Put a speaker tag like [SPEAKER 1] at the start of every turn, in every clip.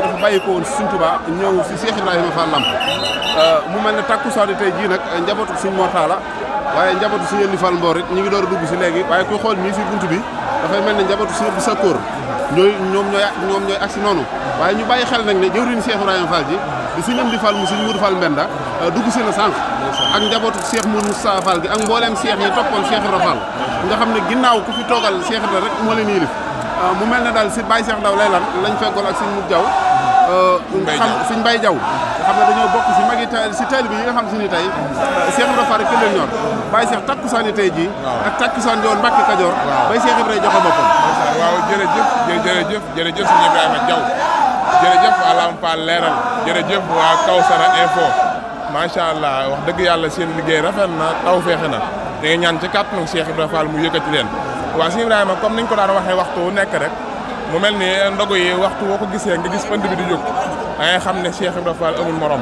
[SPEAKER 1] dafa bàyyi ko woon Sëriñ Tuubaa ñëw si Cheikh Ibrahima Fall Lamp euh, mu mel ne takkusaanu tey jii nag euh, njabootu Sëriñ Mortalla waaye njabootu Sëriñ Aliou Fall Mboor it ñu ngi door a si léegi waaye ku xool ñii si bunt bi dafay mel ne njabootu Sëriñ Abdou Sakkoor ñooy ñoom ñooy ñoom ñooy agsi noonu waaye ñu bàyyi xel nag ne jëwriñ Cheikh Ibrahima Fall di Sëriñ mu Fall mu Sëriñ Mourou Fall euh, dugg si na sànq ak njabootu Cheikh Mourou Moustapha Fall gi ak mbooleem seex yi toppoon Cheikh Ibrahima Fall nga xam ne ginnaaw ku fi toogal Cheikh Ibrahima rek moo leen yilif mu mel ne daal si Baye Cheikh Ndaw lay lan lañ feggoon ak Sëriñ Mourou Diaw xam euh, suñ mbay jaw nga xam ne dañoo bokk si magi si teel bi yi nga xam si ni tey Cheikh Ibra Fall ki leen ñor bàyyi Cheikh takkusaani tey jii ak takkusaan yoon Mbàkke Kajoor bay Cheikh Ibra joxe boppam waaw jërëjëf jërëjëf jërëjëf sëñ Ibrahima Jaw
[SPEAKER 2] jërëjëf waa Lamp Fall waa Kawsara info macha dëgg yàlla seen liggéey rafet na na da nga ñaan ci kàttanu Cheikh Ibra Fall mu yëkkati leen waa sëñ Ibrahima comme niñ ko daan waxee waxtu nekk rek mu mel ni eh, ndogu yi waxtu woo ko gisee nga gis pënd bi di jóg da xam ne Cheikh Ibrahima Fall amul morom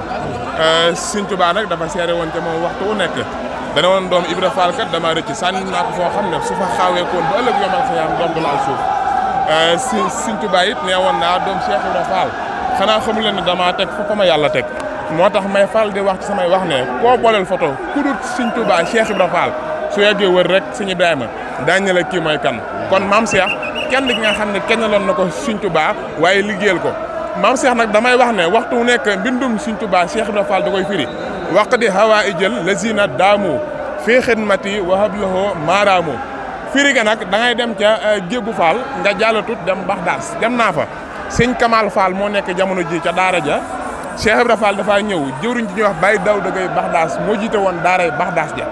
[SPEAKER 2] eh, Sëñ Tuubaa nag dafa seere woon ca moom waxtu wu nekk dana woon doom Ibrahima Fall kat dama rëcc sànni naa ko foo xam ne su fa xaawee koon ba ëllëg yomal xiyaam doom du laal eh, si Sëñ Tuubaa it nee woon naa doom Cheikh Ibrahima Fall xanaa xamu leen ne damaa teg fa ma yàlla teg moo tax may fal di wax ci samay wax ne koo booleel photo ku dul Sëñ Tuubaa Cheikh Ibrahima rek Sëñ Ibrahima daañu la kii mooy kan kon kenn ki nga xam ne kenn loon na ko Sëñ Tuubaa waaye liggéeyal ko maam Cheikh nag damay wax ne waxtu wu nekk mbindum Sëñ Tuubaa Cheikh Ibra Fall da koy firi waq di hawaa i jël lazina daamu fii xidmati wa hablahu maaraamu firi ga nag da ngay dem ca Gébu eh, Fall nga jàll tut dem daas dem naa fa sëñ Kamal Fall moo nekk jamono ji ca daara ja Cheikh Ibra Fall dafaa ñëw jëwriñ ji ñuy wax Baye Daw da bax daas moo jiite woon daaray daas ja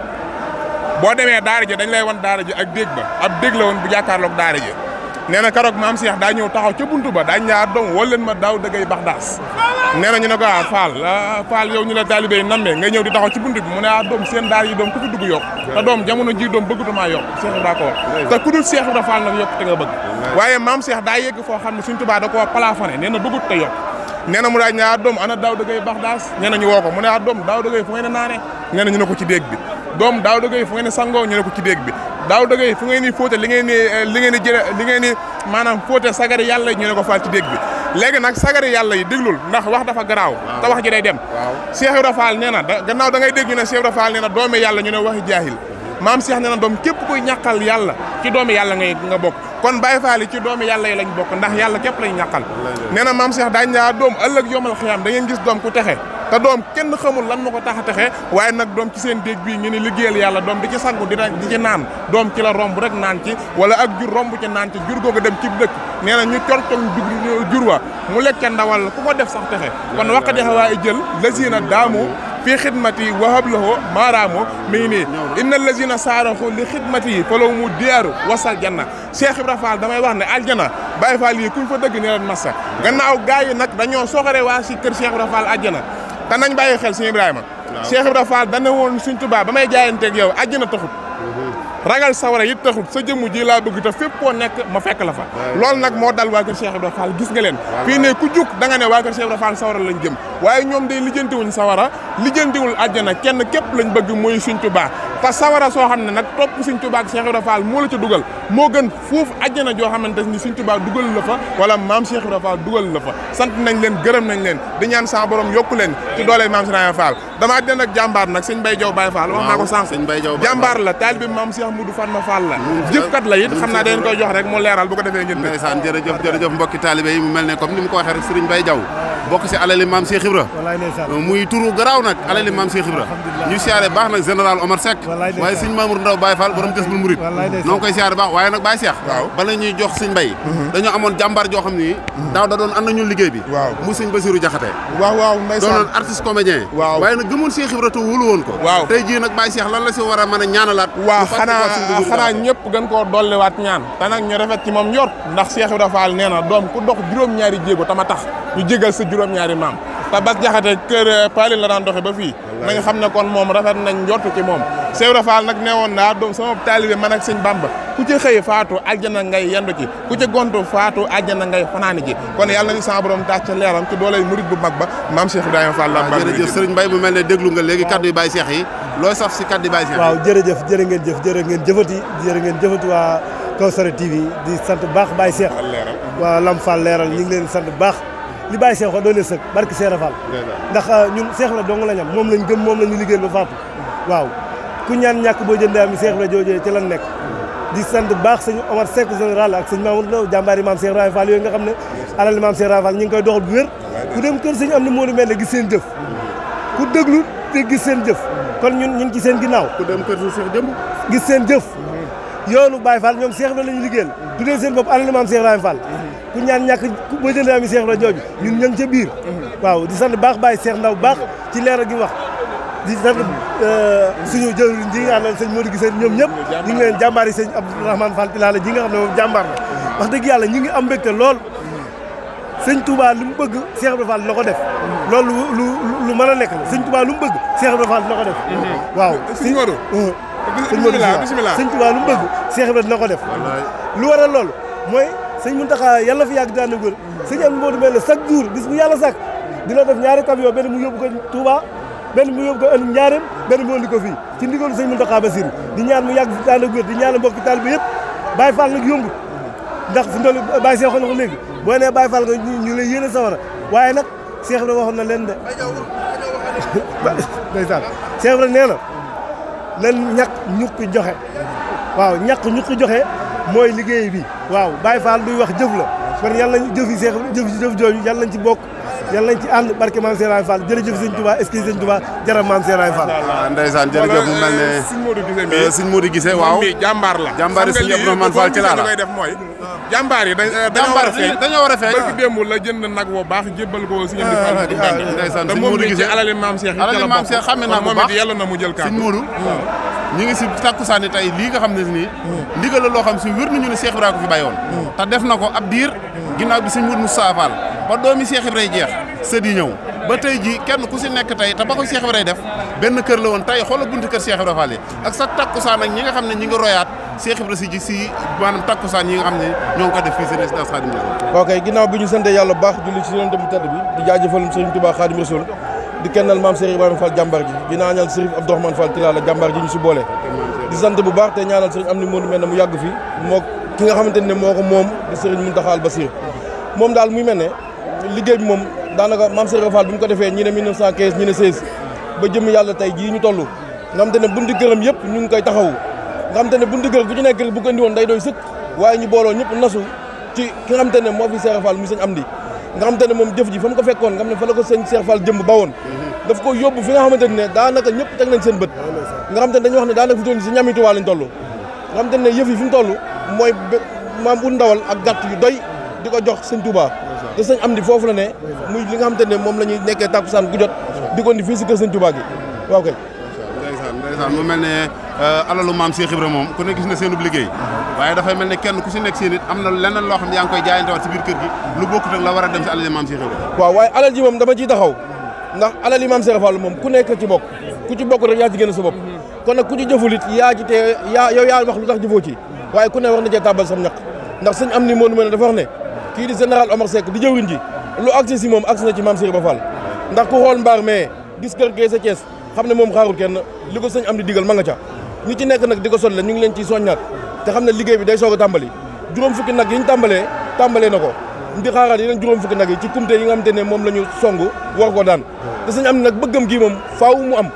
[SPEAKER 2] boo demee daara ja dañ lay won daara ja ak dégg ba ab dégg bu jàkkaarloog daara ja nee na keroog maam Cheikh daa ñëw taxaw ca buntu ba daa ñaar doom woo leen ma daaw dëggay bax daas nee na ñu ne ko ah, ah, di taxaw ci buntu bi mu ne ah doom seen daar yi ji doom bëggutuma yokk Cheikh Ibra ko wax te ku dul Cheikh xam ne suñ tubaa da koo plafonné na bëggut te yokk nee na mu ah, daaw dëggay bax woo ko mu ne ah doom daaw dëggay fu ngeen naane nee na ñu ne ko ci déeg bi doom daaw dëggay fu ngeen sangoo ñu ne ko ci déeg bi daaw dëgg fu ngeen ni fóote li ngeen ni eh, li ngeen ni jële li ngeen ni maanaam fóote sagari yàlla yi ñu ne ko faal ci dégg bi léegi nag sagari yàlla yi déglul ndax wax dafa garaaw te wax ji day dem Cheikh Ibra Fall nee na gannaaw da ngay dégg ñu ne Cheikh Ibra Fall nee na doomi yàlla ñu ne waxi jaahil maam Cheikh nee na doom képp kuy ñàkkal yàlla ci doomi yàlla ngay nga bokk kon Baye Fall yi ci doomi yàlla yi lañ bokk ndax yàlla képp lañ ñàkkal nee na maam Cheikh daañ daa ah, doom ëllëg yomal xiyaam da ngeen gis doom te doom kenn xamul lan ma ko tax a texe waaye nag doom ci seen déeg bii ngeen ni liggéeyal yàlla doom di ci sangu di di ci naan doom ci la romb rek naan ci wala ak jur romb ci naan ci jur googu dem ci dëkk nee na ñu corcong jur wa mu lekk ndawal ku ko def sax texe kon waq dexe waaye jël lazina daamu fi xidmati wahab lahu maaraamu mi ngi nii inna allazina saaraxu li xidmati yi falaw mu diyaaru wasal janna Cheikh Ibra Fall damay wax ne aljana Baye Fall yi kuñ fa dëgg ne leen massa gannaaw gaa yi nag dañoo soxore waa si kër Cheikh Ibra Fall aljana te nañ bàyyi xel suñu Ibrahima. Cheikh Ibrahima Fall dana woon suñ Tuubaa ba may jaayanteeg yow àjjana taxut.
[SPEAKER 3] Mm-hmm.
[SPEAKER 2] ragal sawara yi taxut sa jëmm ji laa bëgg te fépp koo nekk ma fekk la fa. loolu nag moo dal waa kër Cheikh Ibrahima Fall gis nga leen. fii ne ku jug da ne waa kër Cheikh Ibrahima Fall sawara lañ jëm. waaye ñoom day lijjantiwuñ sawara lijjantiwul àjjana kenn képp lañ bëgg mooy suñ Tuubaa te sawara soo xam ne nag topp Sëñ Tuubaa ak Cheikh Ibra Fall moo la ca dugal moo gën foofu àjjana joo xamante ni Sëñ Tuubaa dugal la fa wala maam Cheikh Ibra dugal la fa sant nañ leen gërëm nañ leen di ñaan sa borom yokku doole maam Cheikh Ibra Fall damaa den ak jàmbaar nag sëñ Baye
[SPEAKER 1] Diaw Baye Fall wax naa ko sànq jàmbaar
[SPEAKER 2] la taalibi maam Cheikh Moudou Fatma Fall la
[SPEAKER 1] jëfkat la it xam naa dañ koy jox rek mu leeral bu ko defee ngeen ndeysaan jërëjëf jërëjëf mbokki taalibe yi ñu siyaare baax nag général Omar Seck waaye sëñ Mamour Ndaw Baye Fall borom Jazbul Murid noo ngi koy siyaare baax waaye nag Baye Seex ba la ñuy jox sëñ Mbay mhm. dañoo amoon jàmbaar joo xam ni mhm. daaw da doon ànd ñu liggéey bi mu sëñ Basiru Jaxate waaw waaw doonoon artiste comédien waaye nag gëmoon Seex Ibra te wóolu woon ko tey jii nag Baye Seex lan la si war a mën a ñaanalaat waaw xanaa xanaa ñëpp gën koo dolliwaat ñaan
[SPEAKER 2] te nag ñu rafet ci moom njort ndax Seex Ibra Fall nee na doom ku dox juróom-ñaari jéego tama tax ñu jégal sa juróom-ñaari maam te bas jaxate kër euh, paalin la daan doxe ba fii na nga xam ne kon moom rafet nañ njort ci moom Sewra Fall nag nee woon naa doom sama taalibe man ak sëñ Bamba ku ci xëy faatu àjjana ngay yendu ci ku ci gontu faatu àjjana ngay fanaani ji kon yàlla nañu sa borom tax ca leeram
[SPEAKER 1] ci doolay murit bu mag ba maam Cheikh Ibrahima Fall la jërëjëf mel ne déglu nga léegi kaddu yu Baye Cheikh yi looy saf si kaddu yu Baye Cheikh waaw
[SPEAKER 4] jërëjëf jërë jërë ngeen jëfati jërë ngeen jëfati waa Kawsara TV di sant baax Baye waa Lam Fall leeral ñu ngi leen sant baax li bàyyi Seex wax doole sëg barki Seera Fall ndax euh, ñun Seex la dong lañ am moom lañ gëm moom lañu liggéey ba faatu waaw ku ñaan ñàkk boo jëndee am Seex la joojee ci lan nekk di sant baax sëñ Omar Seck général ak sëñ Mamour Lo jàmbaari maam Seex Raay Fall yooyu nga xam ne alal maam Seex Raay Fall ñu ngi koy doxal bu wér ku dem kër sëñ am na moonu mel ne gis seen jëf ku déglu te gis seen jëf kon ñun ñu ngi ci seen ginnaaw ku dem kër jëm gis seen jëf yoonu Baye Fall ñoom Cheikh Ibra la ñu liggéeyal tuddee mm-hmm. seen bopp alal maam Cheikh Ibrahima Fall ku mm-hmm. ñaan ñàkk boo jëndee ami Cheikh Ibra jooju ñun ña ca biir mm-hmm. waaw di sant baax Baye Cheikh Ndaw baax ci leeral gi wax di sant euh, suñu jëwriñ ji nga xam ne sëñ Modou Giseen ñoom ñëpp ñu ngi leen jàmbaar yi sëñ Abdourahmane Fall Tilala ji nga xam ne moom jàmbaar la wax dëgg yàlla ñu ngi am mbégte lool sëñ Touba lu mu bëgg seex Ibra Fall na ko def loolu lu lu mën a nekk la sëñ Touba lu mu bëgg seex Ibra Fall na ko def waaw bismillah bismillah sëñ Tuubaa lu mu bëgg Cheikh Ibrahima dina ko def lu waral loolu mooy sëñ Muntaxa yàlla fi yàgg daan wër sëñ am Moodu mel la chaque jour bis bu yàlla sàkk dina def ñaari camion benn mu yóbbu ko Touba benn mu yóbbu ko ëllëg ñaareem benn mu indi ko fii ci ndigalu sëñ Muntaxa Basiir di ñaan mu yàgg fi daan wër di ñaan mbokki taalibe yëpp Baye Fall nag yombut ndax fu ndol Baye Cheikh ko léegi boo nee Baye Fall nga ñu lay yéene sawara waaye nag Cheikh Ibrahima waxoon na leen de ndeysaan Cheikh Ibrahima nee na lan ñàkk ñukki joxe waaw ñàkk ñukki joxe mooy liggéey bi waaw Baye Fall luy wax jëf la kon yàlla nañ jëf yi seex jëf jëf jooju yàlla nañ ci bokk yalla ci and barke mam seray fall jërëjëf seigne touba est ce seigne touba jaram man seray fall ndaysan
[SPEAKER 1] jërëjëf mu melne euh, seigne modou mi euh, seigne modou mi jambar la jambar seigne abdourahmane fall ci la la
[SPEAKER 2] jambar yi euh, jambar fi dañu wara fek barke demul la jënd nak wo baax jébal
[SPEAKER 1] ko seigne abdou fall ndaysan seigne modou gisé alali mam cheikh alali mam cheikh xamé na ko baax yalla na mu jël ka seigne modou hmm. ñi ngi ci tay li nga xamné ni ndigal lo xam ci ni cheikh ko fi bayoon hmm. ta def nako ab dir hmm. bi seigne modou ba doomi Cheikh Ibrahima jeex sët ba tey jii kenn ku si nekk tey te ba def benn kër la woon tey xoolal buntu kër Cheikh Ibrahima Fall yi ak sa takkusaan ak ñi nga xam ne ñi ngi royaat Cheikh Ibrahima si ji takkusaan yi nga xam ne ñoo ngi ko def fii si résidence Khadim Rasoul
[SPEAKER 5] ok baax julli ci yonent bu tedd bi di jaajëfal Serigne Touba Khadim Rasoul di kennal maam Serigne Ibrahima Fall jàmbar ji di ñaanal Serigne Abdourahmane Fall Tilala jàmbar ji ñu si di sant bu baax te ñaanal Serigne am ni moonu mel ne mu liggéey bi moom daanaka maam Serigne Fall bi ñu ko defee ñi ne 1915 ñi ne 16 ba jëm yàlla tey jii ñu toll nga xam ne buntu yëpp ñu ngi koy taxawu nga xam te ne buntu kër bu ci nekk bu ko indi woon day doy sëkk waaye ñu booloo ñëpp nasu ci ki nga xam te moo fi Serigne Fall mu sëñ am di nga xam te moom jëf ji fa mu ko xam ne fa la ko sëñ Serigne ba woon daf ko yóbbu fi nga daanaka ñëpp teg nañ seen bët nga xam ne dañuy wax ne daanaka fi toll si ñami Tuubaa lañ toll nga xam te ne yëf yi fi mu ko jox sëñ te sëñ Amdi foofu la ne muy li nga xam ne moom la ñuy nekkee takkusaan gu jot di ko indi si kër sëñ Tuubaa waaw kay
[SPEAKER 1] mu mel ne euh, alalu maam Cheikh Ibra moom ku ne gis na seenub liggéey waaye dafay mel ne kenn ku si nekk seen am na leneen loo xam ne yaa ngi koy jaayante waat si biir kër gi lu bokkut la war a dem si alal maam Cheikh Ibra
[SPEAKER 5] waaw waaye alal ji moom dama ciy taxaw ndax alal yi maam Cheikh moom ku nekke ci bokk ku ci bokk rek yaa ci génn sa bopp kon nag ku ci jëful it yaa ci te yaa yaa wax lu tax waaye ne wax na cee tàbbal sam ñaq ndax sëñ am ni ne kii di général Omar Seck di jëwriñ lu agsi si moom agsi na ci maam Serigne Ba ndax ku xool mbaar mais gis kër gay sa xam ne moom xaarul kenn li ko sëñ am di digal ma nga ca ñu ci nekk nag di ko solle ñu ngi leen ciy soññaat te xam ne liggéey bi day soog a tàmbali juróom fukki nag yi ñu tàmbalee tàmbalee na ko ndi xaaraat yeneen juróom fukki nag yi ci kumte yi nga xamante ne moom la ñu song war ko daan te sëñ am ne nag bëggam gi moom faaw mu am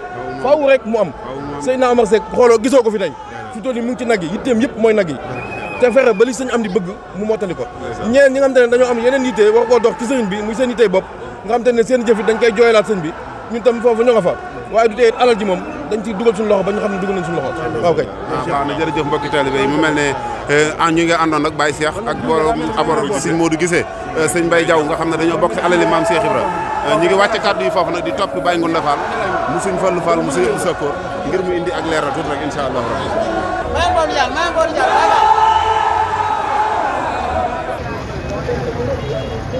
[SPEAKER 5] faaw rek mu am Seydina Omar Seck ko fi tey fi toll mu ngi ci nag yi yitteem yëpp mooy nag yi te fexe ba li sëñ am di bëgg mu mottali ko ñeen ñi nga xam te ne dañoo am yeneen yitte war koo dox ci sëriñ bi muy seen yitte bopp nga xam te ne seen jëf yi dañ koy jooylaat sëñ bi ñun tam foofu ñoo nga fa waaye du tee alal ji dañ ci dugal suñu loxo ba ñu xam ne dugal nañ suñu loxo waaw kay waaw ah, na
[SPEAKER 1] jërëjëf mbokki taalibe yi mu ne an eh, ñu ngi àndoon ak Baye Cheikh ak borom abor eh, nga xam ne dañoo bokk ci alali maam Cheikh Ibra eh, ñu ngi wàcce kàddu yi foofu nag di topp Baye Ngounda Fall mu suñ Fallu Fall mu suñ Sakkoor ngir mu indi ak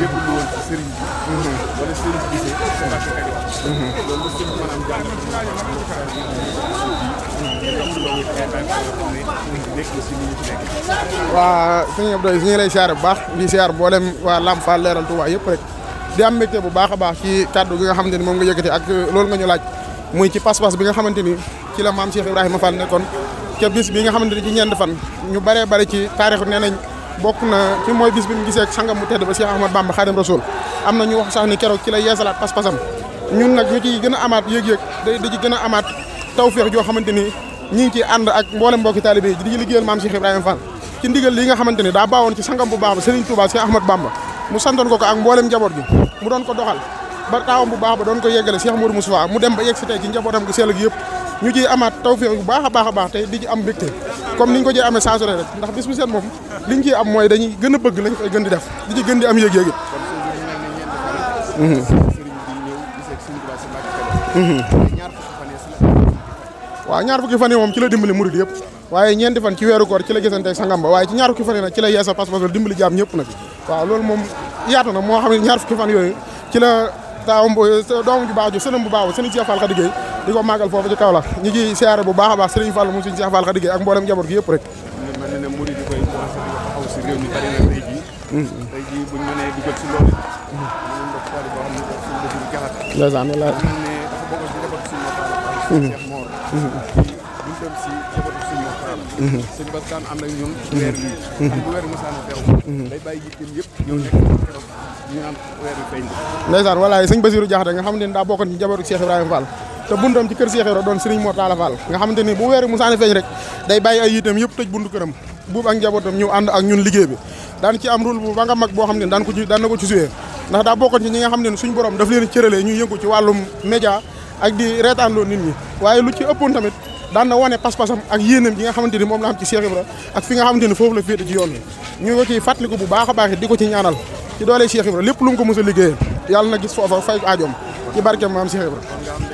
[SPEAKER 3] jébul woon ci sëriñ bi wala sëriñ bi gisee loolu sëriñ maanaam jàng
[SPEAKER 6] waa sëñ Abdoy lay siar bu baax di siyaar mboolem waa Lamp Fall leeral Touba yëpp rek di am mbégte bu baax baax ci kàddu gi nga nga ak loolu nga ñu laaj muy ci pas-pas bi nga xamante ci la maam Cheikh Ibrahima Fall nekkoon ca bis bi nga xamante ci ñeent fan ñu bari ci taarix bokk na ci mooy gis bi mu gisee ak sangam bu tedd ba Cheikh Ahmad Bamba Khadim Rasoul am na ñu wax keroog ci la yeesalaat pas ñun nag ñu ciy gën a amaat yëg-yëg day da ci gën a amaat tawféex joo xamante ni ñi ngi ciy ànd ak mboolem mbokki taalibe yi di liggéeyal maam Cheikh Ibrahima Fall ci ndigal li nga xamante ni daa baawoon ci sangam bu baax ba Serigne Touba Cheikh Ahmad Bamba mu santoon ko ko ak mboolem njaboot gi mu doon ko doxal ba taawam bu baax dem ba yegg si tey ci njabootam gi sell gi yëpp ñu ciy amaat tawféex a baax a baax tey di ci comme niñ ko jé amé saa su rek ndax bis bu set moom liñ ciy am moy dañuy gëna bëgg lañ koy gënd def di ci gënd di am yëg-yëg. wa ñaar fukki fan yi moom ci la dimbali mouride yëpp waye ñeenti fan ci wéru koor ci la gëssante ak sangam ba waaye ci ñaar fukki fan yi nag ci la yéssa pass pass dimbali jaam ñëpp nak wa lool mom yaatu na mo xamni ñaar fukki fane yoy ci la bo doom ju baaju ju bu baaw sëni ci afal xadigéey di magal fofu ci kawla ñi ci siyaare bu baax baax Serigne Fall mu ci Cheikh Fall Khadiga ak mbolam jabor gi yëpp rek
[SPEAKER 3] ñu Basirou
[SPEAKER 6] nga ci Cheikh Fall te buntam ci keur Cheikh yoro don Serigne Mor la Fall nga xamanteni ni bu weeru musaane feñ rek day bàyyi ay yitam yépp tej buntu keuram buub ak njabotam ñu and ak ñun liggéey bi daan ci am rôle bu ba nga mag bo xam ne daan ko ci daan nako ci suyee ndax da bokkon ci ñi nga xam suñu borom daf leen cëralee ñu yëngu ci walum média ak di reetaanloo nit ñi waye lu ci ëppoon tamit daan na woné pass passam ak yéenam gi nga xamanteni mom la am ci Cheikh Ibra ak fi nga xamanteni fofu la fété ci yoon wi ñu ko ci fatlikou bu baaxa a baax di ci ñaanal ci doole Cheikh Ibra lepp lu mu ko mësa liggéey yalla na gis fofu fay aajoom ci barkeem maam Cheikh
[SPEAKER 3] Ibra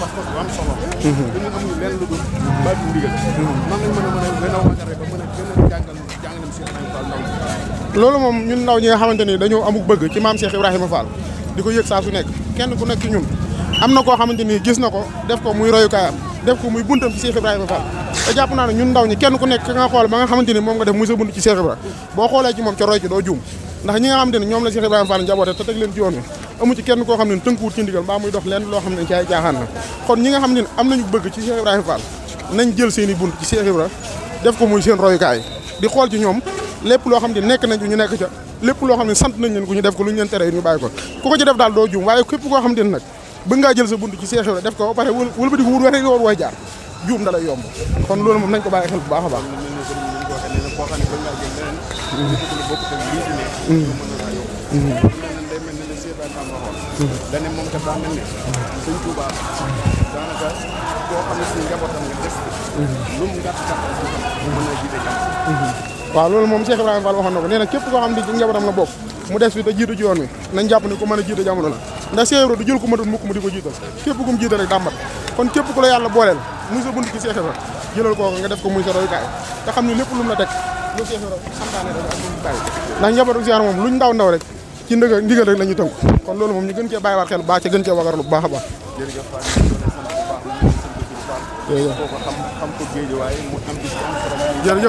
[SPEAKER 3] pas-pas bu am solo dañu amuñu a mën a gën a waajare ba mën a a
[SPEAKER 6] loolu moom ñun ndaw ñi nga xamante ni dañoo amuk bëgg ci maam Cheikh Ibrahima Fall di ko yëg saa su nekk kenn ku nekk ci ñun am na koo xamante ni gis na ko def ko muy royukaayam def ko muy buntam ci Cheikh Ibrahima Fall te jàpp ne ñun ndaw ñi kenn ku nekk ka nga xool ba nga xamante moom nga def muy sa bunt ci Cheikh Ibrahima boo xoolee ci moom ca ci doo juum ndax ñi nga xam te ne ñoom la Cheikh Ibrahima Fall njaboote te teg leen ci yoon wi amu ci kenn koo xam ne tënkuwut ci ndigal mbaa muy dox lenn loo xam ne ci ay jaaxaan la kon ñi nga xam ne am nañu bëgg ci Cheikh Ibrahima Fall nañ jël bunt ci Cheikh Ibrahima def ko muy seen royukaay di xool ci ñoom lépp loo xam ne nekk nañ ñu nekk ca lépp loo xam ne sant nañ leen ku ñu def ko lu ñu leen tere ñu bàyyi ko ku ko ci def daal doo juum waaye ne nag bëgg ngaa jël sa ko ba pare ko wut waree yoon kon loolu moom nañ ko bàyyi xel bu baax
[SPEAKER 3] a dane moom kat daa mel ne sëñ Touba daanaka koo xam ne suñu njabootam nga des lu mu gàtt gàtt mën na jiite
[SPEAKER 6] waaw loolu moom Cheikh Ibrahima Fall waxoon ko nee na képp xam ne ci la bokk mu des fi te jiitu ci yoon wi nañ jàpp ne ku mën a jiite jamono la ndax Cheikh Ibrahima du jël ku matul mukk mu di ko jiital képp ku mu jiite rek dàmbat kon képp ku la yàlla booleel muy sa bunt ci Cheikh Ibrahima jëlal kooku nga def ko muy sa royukaay te xam ni lépp lu la teg lu Cheikh Ibra santaane rek ak luñu bàyyi ndax njabootu Cheikh moom luñ ndaw ndaw rek ci ndëga ndigal rek la ñu tënk kon loolu moom ñu gën cee bàyyi waat xel baax ca gën cee wagarlu bu baax a baax
[SPEAKER 3] jërëjëf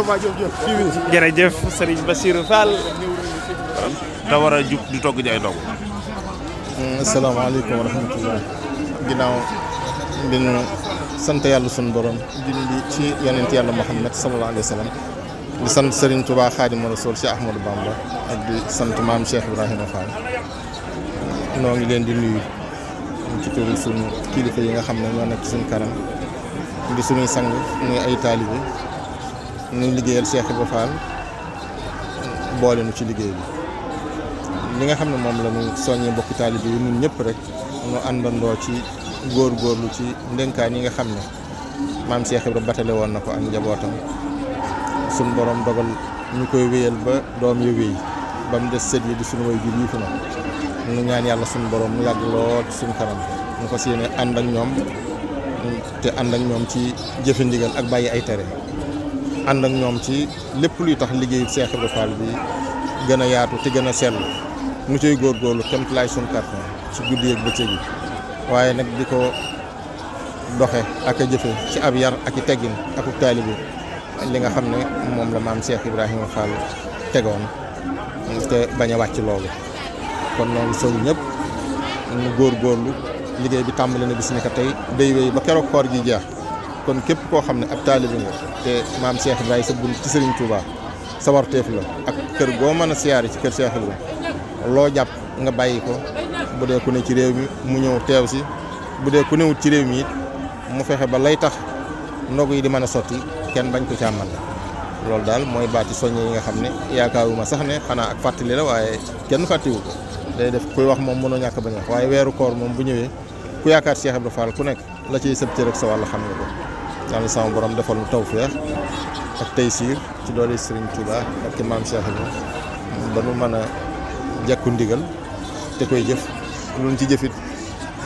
[SPEAKER 1] waay jërëjëf jërëjëf Serigne Bassirou Fall da war a jub di togg ji ay doom
[SPEAKER 7] mm, asalaamaaleykum wa rahmatullah ginnaaw bi ñu sant yàlla sunu borom julli ci yonent yàlla Muhammad sallallahu alayhi wa sallam di sant Serigne Touba Xaadimu Rasuul Cheikh Ahmadou Bamba ak di sant maam Cheikh Ibrahima Fall noo ngi leen di nuyu ci turu suñu kilifa yi nga xam ne ñoo nekk suñu kanam di suñuy sang muy ay taalibe ñuy liggéeyal Cheikh Ibrahima Fall boole nu ci liggéey bi. li nga xam ne moom la ñu soññee bokk taalibe yi ñun ñëpp rek ñu àndandoo ci góor góorgóorlu ci ndénkaan yi nga xam ne maam Cheikh Ibrahima batale woon na ko ak njabootam. suñ boroom dogal ñu koy wéyal ba doom ya wéy ba mu des sët yi di suñu way jur yi fi na ñu ñaan yàlla suñu borom mu yàgg lool suñ kanam ñu ko yéene ànd ak ñoom te ànd ak ñoom ci jëfe ak bàyyi ay tere ànd ñoom ci lépp luy tax liggéeyu Seex Ibra Faal bi gën a yaatu te gën a sell mu cay góorgóorlu kemt laay suñu kàttan ci guddi ak bëccëg yi waaye nag di ko doxe ak a jëfe ci ab yar ak i teggin ak ub li nga xam ne moom la maam Cheikh Ibrahima Fall tegoon te bañ a wàcc loolu kon noonu ñépp ñëpp góor góorgóorlu liggéey bi tàmbali na bis ni ka tey day wéy ba keroog koor gi jeex kon képp koo xam ne ab taalibe nga te maam Cheikh Ibrahima sa bunt ci Serigne Touba sa warteef la ak kër goo mën a siyaare ci kër Cheikh Ibrahima loo jàpp nga bàyyi ko bu dee ku ne ci réew mi mu ñëw teew si bu dee ku newut ci réew mi mu fexe ba lay tax ndogu yi di man a sotti kenn bañ ko càmmal loolu daal mooy baati soññe yi nga xam ne yaakaaruma sax ne xanaa ak fàttali la waaye kenn fàttiwu ko day def kuy wax moom mënoo ñàkk bañ wax waaye weeru koor moom bu ñëwee ku yaakaar Cheikh Ibrahima Fall ku nekk la ciy sëb cër ak sa wàll xam nga ko yàlla sama borom defal nu tawfeex ak taysiir ci doole Serigne Touba ak ci maam Cheikh Ibrahima ba nu mën a jàkku ndigal te koy jëf lu ñu ci jëfit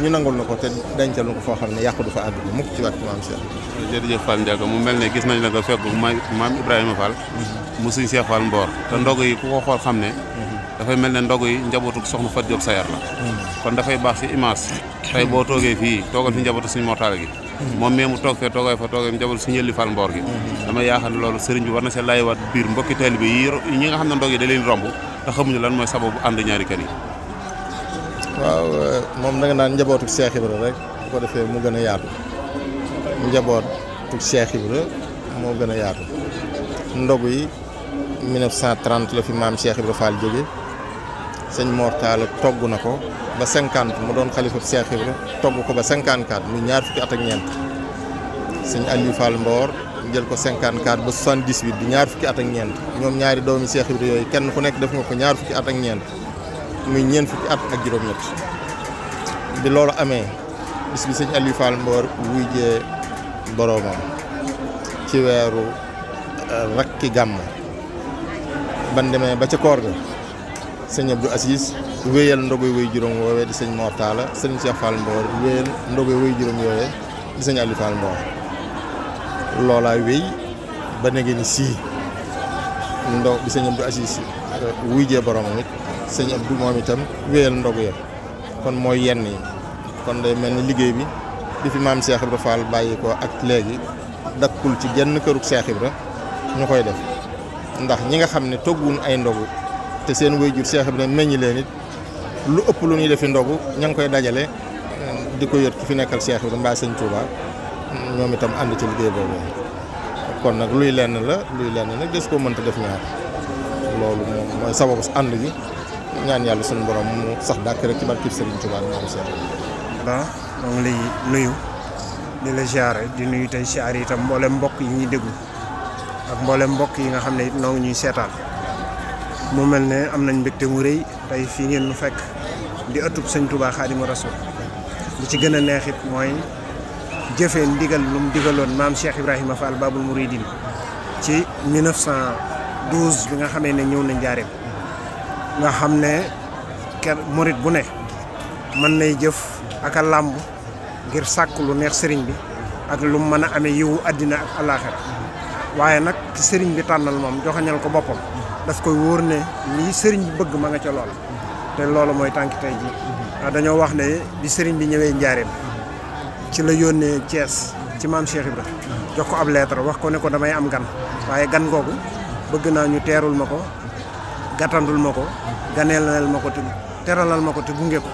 [SPEAKER 7] ñu nangul nako té te dencal na ko foo xam ne du fa add mu ci wat imam Cheikh
[SPEAKER 1] jërëjëf Fall Ndiaga mu melni gis nañ la nga fegg maam Ibrahima Fall mu suñ Cheikh Fall Mbor té mm-hmm. ndog yi ku ko xol xamné mm-hmm. da fay melni ndog yi njabotu soxna Fat Diop Sayar la mm-hmm. kon da fay bax ci image tay bo togué fi togal fi njabotu suñ mortal gi mom mais tok fe togay fa togay njabootu suñ yëlli Fall Mbor gi dama yaakaar ne loolu sëriñ bi warna ci lay wat bir mbokki taalibe yi ñi nga xam ndog yi da leen romb te xamuñu lan moy sababu and ñaari kan yi
[SPEAKER 7] waaw euh, moom da nga naan njabootu Cheikh Ibra rek bu ko defee mu gën a yaatu njabootu Cheikh Ibra moo gën a yaatu ndogu yi 1930 la fi maam Cheikh Ibra Fall jóge sëñ Mortala togg na ko ba 50 mu doon xalifa Cheikh Ibra togg ko ba 54 muy ñaar fukki at ak ñeent sëñ Aliou faal Mboor jël ko 54 ba 78 di ñaar fukki at ak ñeent ñoom ñaari doomi Cheikh Ibra yooyu kenn ku nekk defu nga ko ñaar fukki at ak ñeent. muy ñeent fukki at ak juróom-ñett bi loolu amee bis bi sëñ Aliou Fall Mbaor wujjee boroomam ci weeru euh, rakki gàmm ban demee ba ci koor ga sëñ Abdou Assis wéyal ndogoy wéy juróom woowee di sëñ Mor Talla sëñ Cheikh Fall Mbaor wéyal loolaay wéy ba nekkee sii ndo bi sëñ Abdou Assis wujjee boroomam it sëñ Abdou moom itam wéyal ndogu ya kon mooy yenn yi kon day mel ni liggéey bi di fi maam Cheikh Ibra Fall bàyyi ko ak léegi dakkul ci genn këru Cheikh Ibra ñu koy def ndax ñi nga xam ne togguwuñ ay ndogu te seen wayjur Cheikh Ibra meññi leen it lu ëpp lu ñuy defi ndogu ña ngi koy dajale eh, di ko yët ki fi nekkal Cheikh Ibra mbaa sëñ Touba ñoom itam ànd ci liggéey boobu kon nag luy lenn la luy lenn nag des koo mënta def ñaar loolu moom mooy sababu ànd gi ñaan
[SPEAKER 8] yàlla suñu borom mu sax dàkk rek ci barkib Serigne Touba ñu am seen. ba moom lay nuyu di la ziare di nuyu tey ziar itam mboolem mbokk yi ñuy déglu ak mboolem mbokk yi nga xam ne it noo ngi ñuy seetaan mu mel ne am nañ mbégte mu rëy tey fii ngeen nu fekk di ëttub sëñ Touba Xaadimu Rasuul li ci gën a neexit mooy jëfee ndigal lu mu digaloon maam Cheikh Ibrahima Fall Babul Mouridine ci 1912 bi nga xamee ne ñëw na njaareem. nga xamne ne ker mourid bu ne man lay jëf ak lamb ngir sàkk lu neex serigne bi ak lu mën amé yiwu adina ak alakhir waye nak ki bi tanal mom joxagnal ko bopam daf koy wor ne ni serigne bi bëgg ma nga ci lool té loolu moy tanki tay ji dañu wax ne bi serigne bi ñëwé njaareem ci la yónnee Thiès ci mam Cheikh ibrahim jox ko ab lettre wax ko ne ko damay am gan waye gan gogou bëgg na ñu térul mako gatandul mako ganel ganeelal ma te teralal mako ko te gunge ko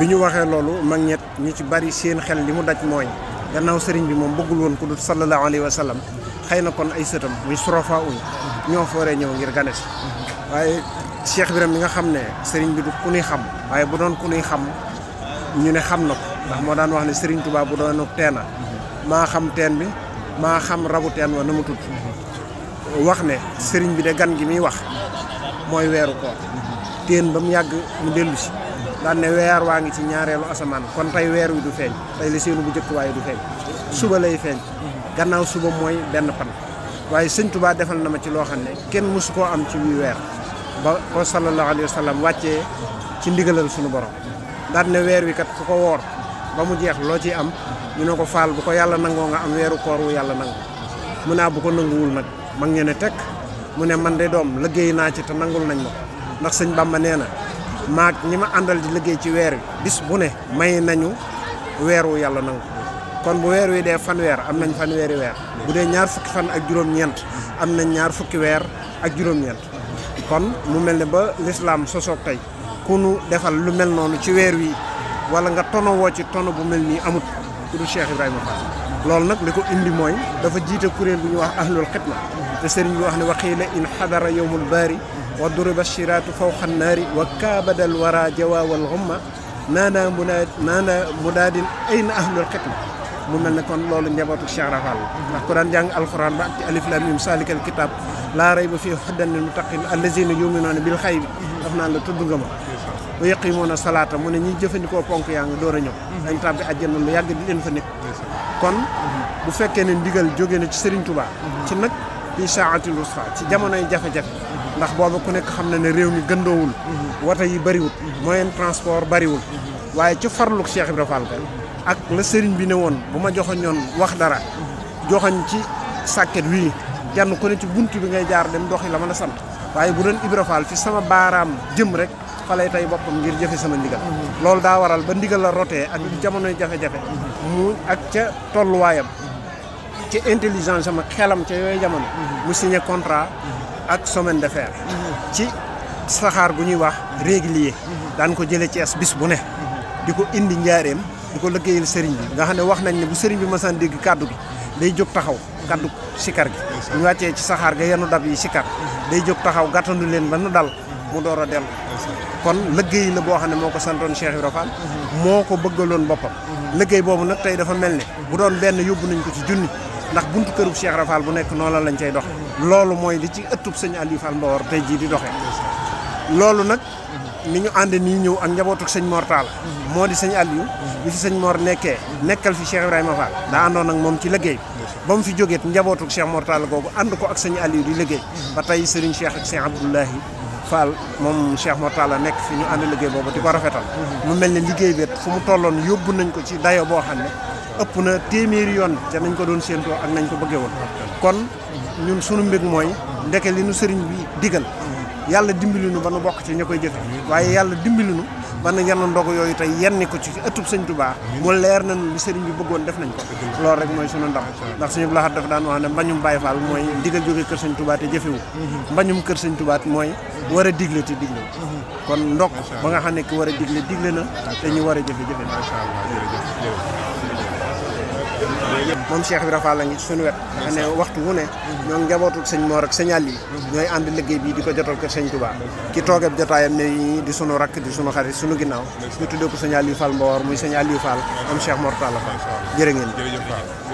[SPEAKER 8] biñu waxé lolu mag ñet ñu ci bari seen xel limu daj moy gannaaw sëriñ bi mom bëggul won ku dut sallallahu alayhi wa sallam kon ay sëtam muy surafa uñ ñoo foré ñew ngir ganes waye waaye Cheikh Biram mi nga xamné sëriñ bi du ku ñuy xam waye bu doon ku ñuy xam ñu ne xam nako ndax mo daan wax sëriñ tuba bu téna ma xam bi ma xam rabu teen wa namu tut wax ne sëriñ bi de gan gi mi wax mooy weeru koor téen ba mu yàgg mu dellusi si daan ne weer waa ngi ci ñaareelu asamaan kon tay weer wi du feeñ tey li seenu bu njëkk waaye du feeñ suba lay feeñ gannaaw suba mooy benn pan waaye sëñ Tuubaa defal na ma ci loo xam ne kenn mësu ko am ci wii weer ba ko sallallahu alayhi wa sallam wàccee ci ndigalal suñu borom daan weer wi kat ku ko woor ba mu jeex loo ci am ñu ne ko faal bu ko yàlla nangoo nga am weeru koor wu yàlla nangu mu naa ah, bu ko nanguwul nag mag ñu mu ne man de doom liggéey naa ci te nangul nañ ma ndax sëñ Bamba nee na maag ñi ma àndal di liggéey ci weer wi bis bu ne may nañu weeru yàlla nangu kon bu weer wi dee fanweer am nañ fanweeri weer bu dee ñaar fukki fan ak juróom-ñeent am nañ ñaar fukki weer ak juróom-ñeent kon mu mel ne ba lislaam sosoog tey ku nu defal lu mel noonu ci weer wi wala nga tono woo ci tono bu mel nii amut ku du Ibrahima Fall loolu nag li ko indi mooy dafa jiite kuréel bu ñuy wax ahlul xidma te sëriñ bi wax ne waxiila in xadara yowmul baari wa duriba shiraatu fawqa naari wa kaabadal wara jawaawal xumma naana munaad naana munaadin ayna ahlul xidma mu mel ne kon loolu njabootu Cheikh Rafal ndax ku daan jàng alxuraan ba ak ci alif lam mim salikal kitab laa rayba fii hudan lil muttaqin allazina yuminuuna bil xaybi daf naan la tudd nga ma ba yaqimuuna salaata mu ne ñiy jëfandikoo ponk yaa ngi door a ñëw dañ tàbbi àjjana lu yàgg di leen fa nekk kon bu fekkee ne ndigal jóge na ci Serigne Touba. ci nag ci saatul wusfa ci jamonoy jafe-jafe. ndax booba ku nekk xam na ne réew mi gëndoowul. wata yi bëriwul. moyen transport bëriwul. waaye ci farlu Cheikh Ibrahima Fall ak la Serigne bi ne woon bu ma joxoñoon wax dara. joxoñ ci sàkket wii. jann ku ne ci bunt bi ngay jaar dem doxi la man a sant. waaye bu doon Ibrahima Fall fi sama baaraam jëm rek. falay tay bopam ngir lol sama ndigal lool da waral ba ndigal la roté ak jamonoy jafe-jafe mu ak ca wayam ci intelligence sama xélam ci yoy jamono mu signé contrat ak semaine de fer ci saxar gu ñuy wax régulier daan ko jëlé ci es bis bu né di indi njaareem di ko sëriñ bi nga xamné wax nañ ni bu sëriñ bi masaan dégg kaddu bi day jog taxaw kaddu sikar gi ñu wacce ci saxar ga yenu dab yi sikar day jog taxaw leen ba nu dal mu doora dem kon liggey la bo xamne moko santone Cheikh ibrahim moko beugalon bopam liggey bobu nak tay dafa melni bu doon ben yobbu nañ ko ci jooni ndax buntu kërub Cheikh rafal Fall bu nekk noonu lañ cey dox lolu moy li ci eutup seigne ali Fall Mbawar tay ji di doxé lolu nak ni ñu ànd ni ñew ak njabootuk seigne mortal modi seigne di sëñ Aliou bi fi sëñ Mor nekkee nekkal fi Cheikh ibrahim Fall da andon ak mom ci liggey bam fi joggé njabootuk Cheikh mortal Talla and ko ak seigne Aliou di liggey ba tay seigne Cheikh ak seigne Abdoulahi Fall moom Cheikh Mortalla nekk fi ñu ànd liggéey boobu di ko rafetal. mu mel ne liggéey bi fu mu tolloon yóbbu nañ ko ci dayo boo xam ne. ëpp na téeméeri yoon ca nañ ko doon séentoo ak nañ ko bëggee woon. kon ñun sunu mbég mooy. ndeke li nu sëriñ bi digal. yàlla dimbali nu ba nu bokk ci ña koy jëfe waaye yàlla dimbali ban na yenn ndog yooyu tey yenni ko ci ëttub sëñ Tuubaa mu leer na li sëriñ bi bëggoon def nañ ko loolu rek mooy sunu ndam ndax suñu laxat dafa daan wax ne mbañum Baay Faal mooy ndigal jóge kër sëñ Tuubaa te jëfewu mhm. mbañum kër sëñ Tuubaa mooy war a digle te digle mhm. kon ndog ba nga xam ne ki war a digle digle na te ñu war a jëfe jëfe na moom seex Ibra Fall la ngi suñu wet nga ne waxtu wu ne ñoo njabootul sëñ moo ak sëñ Aliou ñooy ànd liggéey bii di ko jotal ko sëñ Touba ki toogeb jotaayam ne yi di sunu rakk di sunu xarit sunu ginnaaw ñu tuddee ko sëñ Aliou Fall Mbawar muy sëñ Aliou Fall am moo Mor Talla Fall jërë ngeen